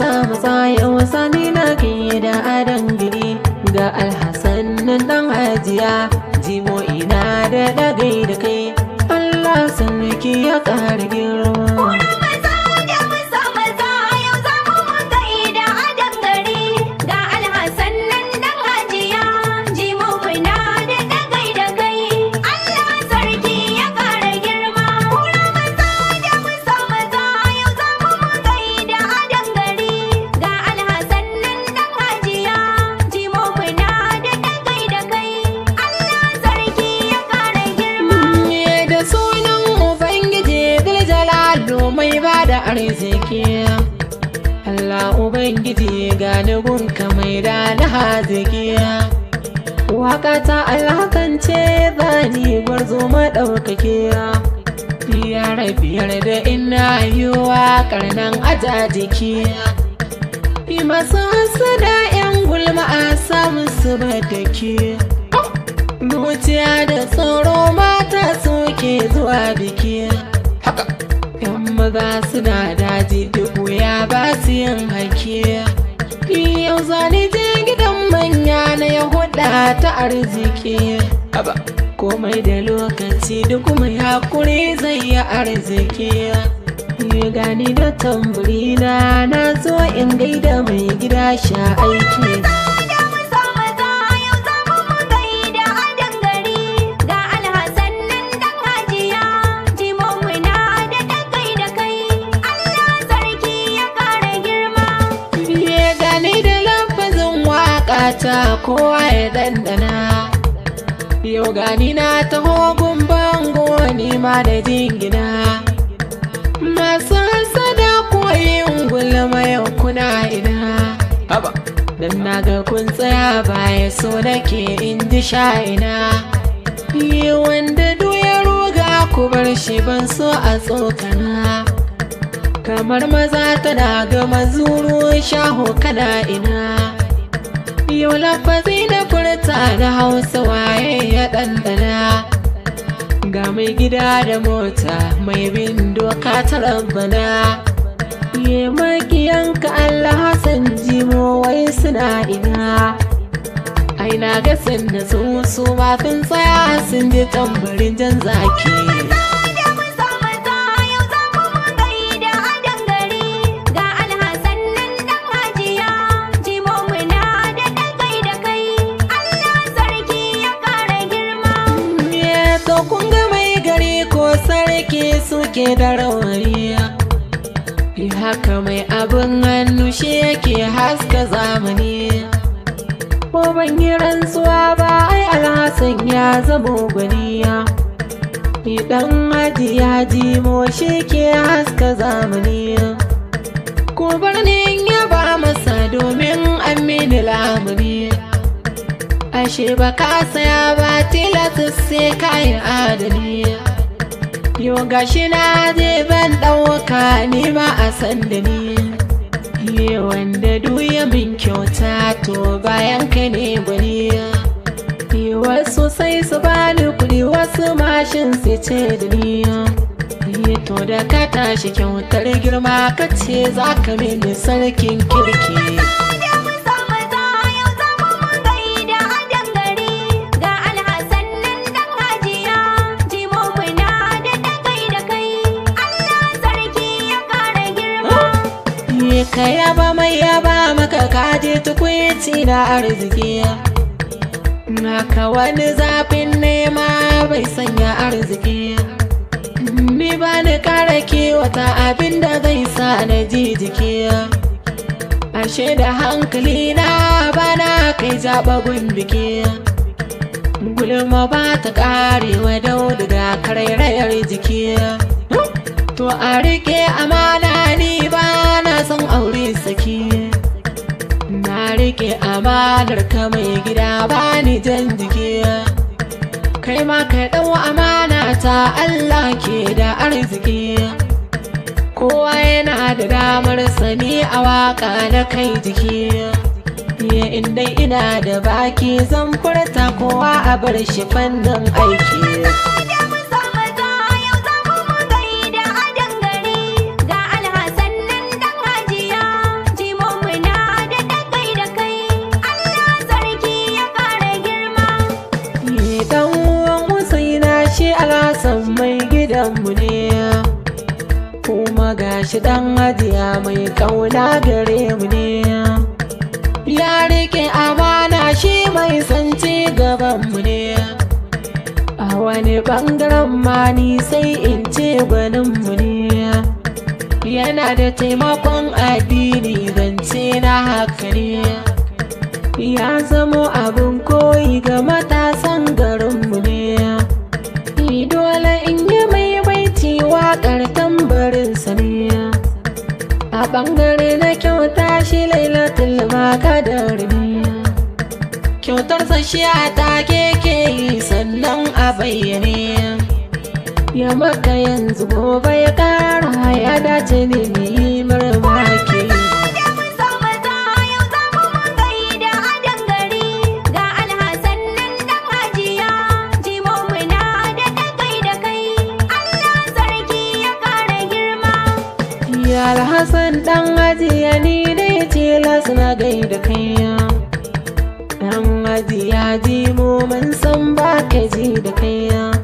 sa mu yau sani na da adon gini ga alhassan nan dan hajiya jimo ina da dagai da kai Allah ki ya ƙara girma arziki Allah Ubangiji ga dugun mai da haziki Waka ta alhakance bani gwarzo maɗaukaki Biyar biyar da ina yiwa karnan ajajiki Fi masu hasada 'yan gulma a samun su badaki Mutiya da tsoro mata suke zuwa biki Haka suna daji dubu ya ba su yin hake yau zane je gidan manya na ya huda ta arziki aba komai da lokaci duk mai hakuri zai yi arziki yi gani da tamburi na na zo in gaida mai gida sha aiki ta kowa ya dandana yau gani na taho bango ne ma da jingina masu da koyin gulma yau kuna ina haba dan ga kun tsaya baya so nake in ji ina. yi wanda doya roga ku bar shi ban so a tsokana kamar maza tana ga mazuru shaho kana ina yau lafazi na furta da hausa waye ya ɗanɗana ga mai gida da mota mai bin doka ta rabbana ye makiyanka Allah Hassan jimo wai suna ina ai ga sun da su su mafin tsaya sun ji tambarin jan zaki take suke da rawariya haka mai abin hannu shi yake haska zamani ko ban yi rantsuwa ba ai alhassan ya zama gwaniya idan haji ya ji mo shi ke haska zamani ko birnin ya ba masa domin amini lamuni ashe ba ka saya ba tilatus sai yi adali yo gashi na je ban ɗauka ne ma a san da ni ye wanda duya min kyauta to bayan ka ne gwani ye wasu sai su bani kuɗi wasu mashin su ce da ni ye to da ka tashi kyautar girma ka ce za ka mini sarkin kirki ka yaba mai ya ba maka kaje tukwici na arziki ka wani zafin nema bai sanya arziki ni ba ni kara kiwata abin da zai sa na ji jiki ashe da hankali na bana kai zaɓa gun gulma ba ta karewa daga karairayar jiki to a riƙe amana ni ba san aure saki na rike amanar ka mai gida bani jan jiki kai ma kaɗan wa amana ta Allah ke da arziki kowa yana da damar sani a waka na kai jiki ya inda ina da baki zan furta kowa a bar shi fannin aiki mu ne kuma gashi dan hajiya mai kauna gare mu ne ya rike amana shi mai sanci gaban mu ne a wani bangaren mani sai in ce gwanin mu ne yana da taimakon addini zance na haka ne ya zamo abu bangare na kyauta shi lailatul makadarin kyautarsa shi a ta keke yi sannan a bayyane ya maka yanzu gobe ya ƙara ya dace ne alhassan dan ajiya ni dai tilas na gaida kaiya dan ajiya ji mu mun san ba ka ji da kaiya